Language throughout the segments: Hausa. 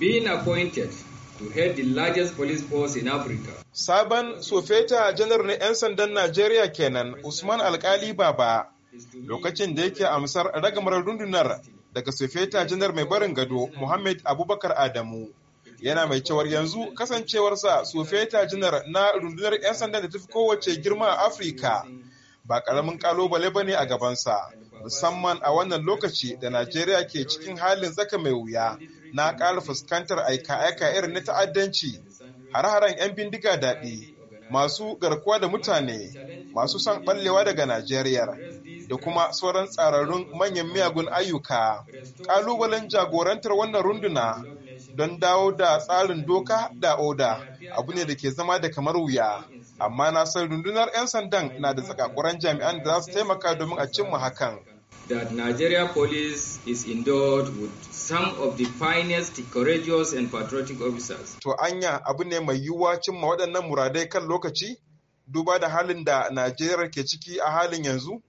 being appointed to head the largest police force in Africa. Sabon Sofeta janar na 'yan sandan Najeriya kenan Usman Alkali Baba lokacin da yake amsar ragamar rundunar daga Sofeta janar mai barin gado Muhammad Abubakar Adamu. Yana mai cewar yanzu kasancewarsa Sofeta janar na rundunar 'yan sandan da tafi kowace girma a Afirka ba ƙaramin ƙalubale ba ne a gabansa. musamman a wannan lokaci da Najeriya ke cikin halin tsaka mai wuya na ƙara fuskantar aika-aika irin na ta'addanci, har haren 'yan bindiga daɗi, masu garkuwa da mutane, masu son ɓallewa daga Najeriya, da kuma sauran tsararrun manyan miyagun ayyuka. Ƙalubalen jagorantar wannan runduna don dawo da tsarin doka da oda abu ne da ke zama da kamar wuya. amma na san rundunar 'yan sandan na da tsakakuran jami'an da za su taimaka domin a cimma hakan. That Nigeria police is endowed with some of the finest, courageous and patriotic officers. To anya abu ne mai yiwuwa cimma waɗannan muradai kan lokaci? Duba da halin da Najeriya ke ciki a halin yanzu?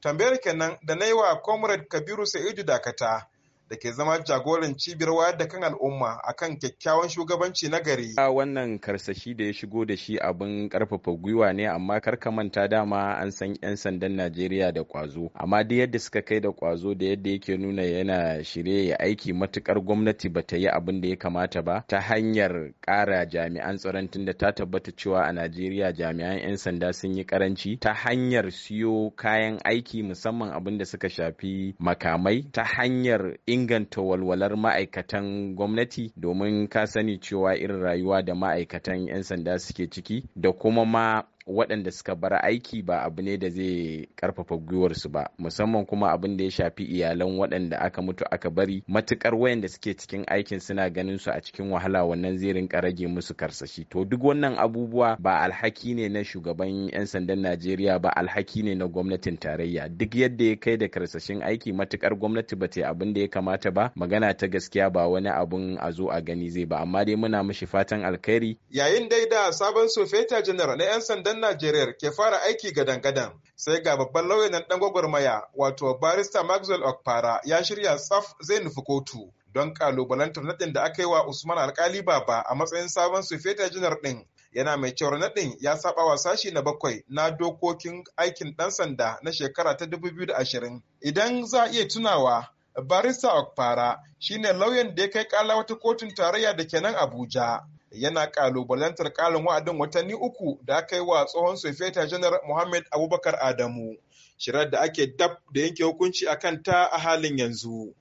Tambayar kenan da na yi wa Comrade Kabiru Sa'idu Dakata. da ke zama jagoran cibiyar wayar da kan al'umma a kan kyakkyawan shugabanci na gari. A wannan karsashi da ya shigo da shi abin karfafa gwiwa ne amma karka manta dama an san 'yan sandan Najeriya da kwazo. Amma da yadda suka kai da kwazo da yadda yake nuna yana shirye ya aiki matukar gwamnati ba ta yi abin da ya kamata ba ta hanyar kara jami'an tsaron tunda ta tabbata cewa a Najeriya jami'an 'yan sanda sun yi karanci ta hanyar siyo kayan aiki musamman abin da suka shafi makamai ta hanyar inganta walwalar ma'aikatan gwamnati domin ka sani cewa irin rayuwa da ma'aikatan 'yan sanda suke ciki da kuma ma waɗanda suka bar aiki ba abu ne da zai karfafa gwiwarsu ba musamman kuma abin da ya shafi iyalan waɗanda aka mutu aka bari matukar wayanda suke cikin aikin suna ganin su a cikin wahala wannan zai rinka rage musu karsashi to duk wannan abubuwa ba alhaki ne na shugaban 'yan sandan najeriya ba alhaki ne na gwamnatin tarayya duk yadda ya kai da karsashin aiki matukar gwamnati ba ta abin da ya kamata ba magana ta gaskiya ba wani abun a zo a gani zai ba amma dai muna mishi fatan alkhairi yayin dai da sabon sofeta general na 'yan sandan 'yan Najeriya ke fara aiki gadan-gadan. Sai ga babban lauyan nan ɗan gwagwarmaya wato barista Maxwell Okpara ya shirya tsaf zai nufi kotu. Don kalubalantar naɗin da aka yi wa Usman Alkali Baba a matsayin sabon sufeta janar ɗin yana mai cewar naɗin ya saba wa sashi na bakwai na dokokin aikin ɗan sanda na shekara ta 2020. Idan za a iya tunawa, Barista Okpara shine lauyan da ya kai kala wata kotun tarayya da kenan Abuja. yana kalubalantar ƙalin wa'adin watanni uku da aka yi wa tsohon sofeta janar Muhammad Abubakar Adamu, shirar da ake dab da yanke hukunci a kanta a halin yanzu.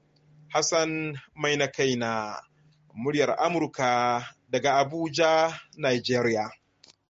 Hassan Mai na kaina, muryar Amurka daga Abuja, Nigeria.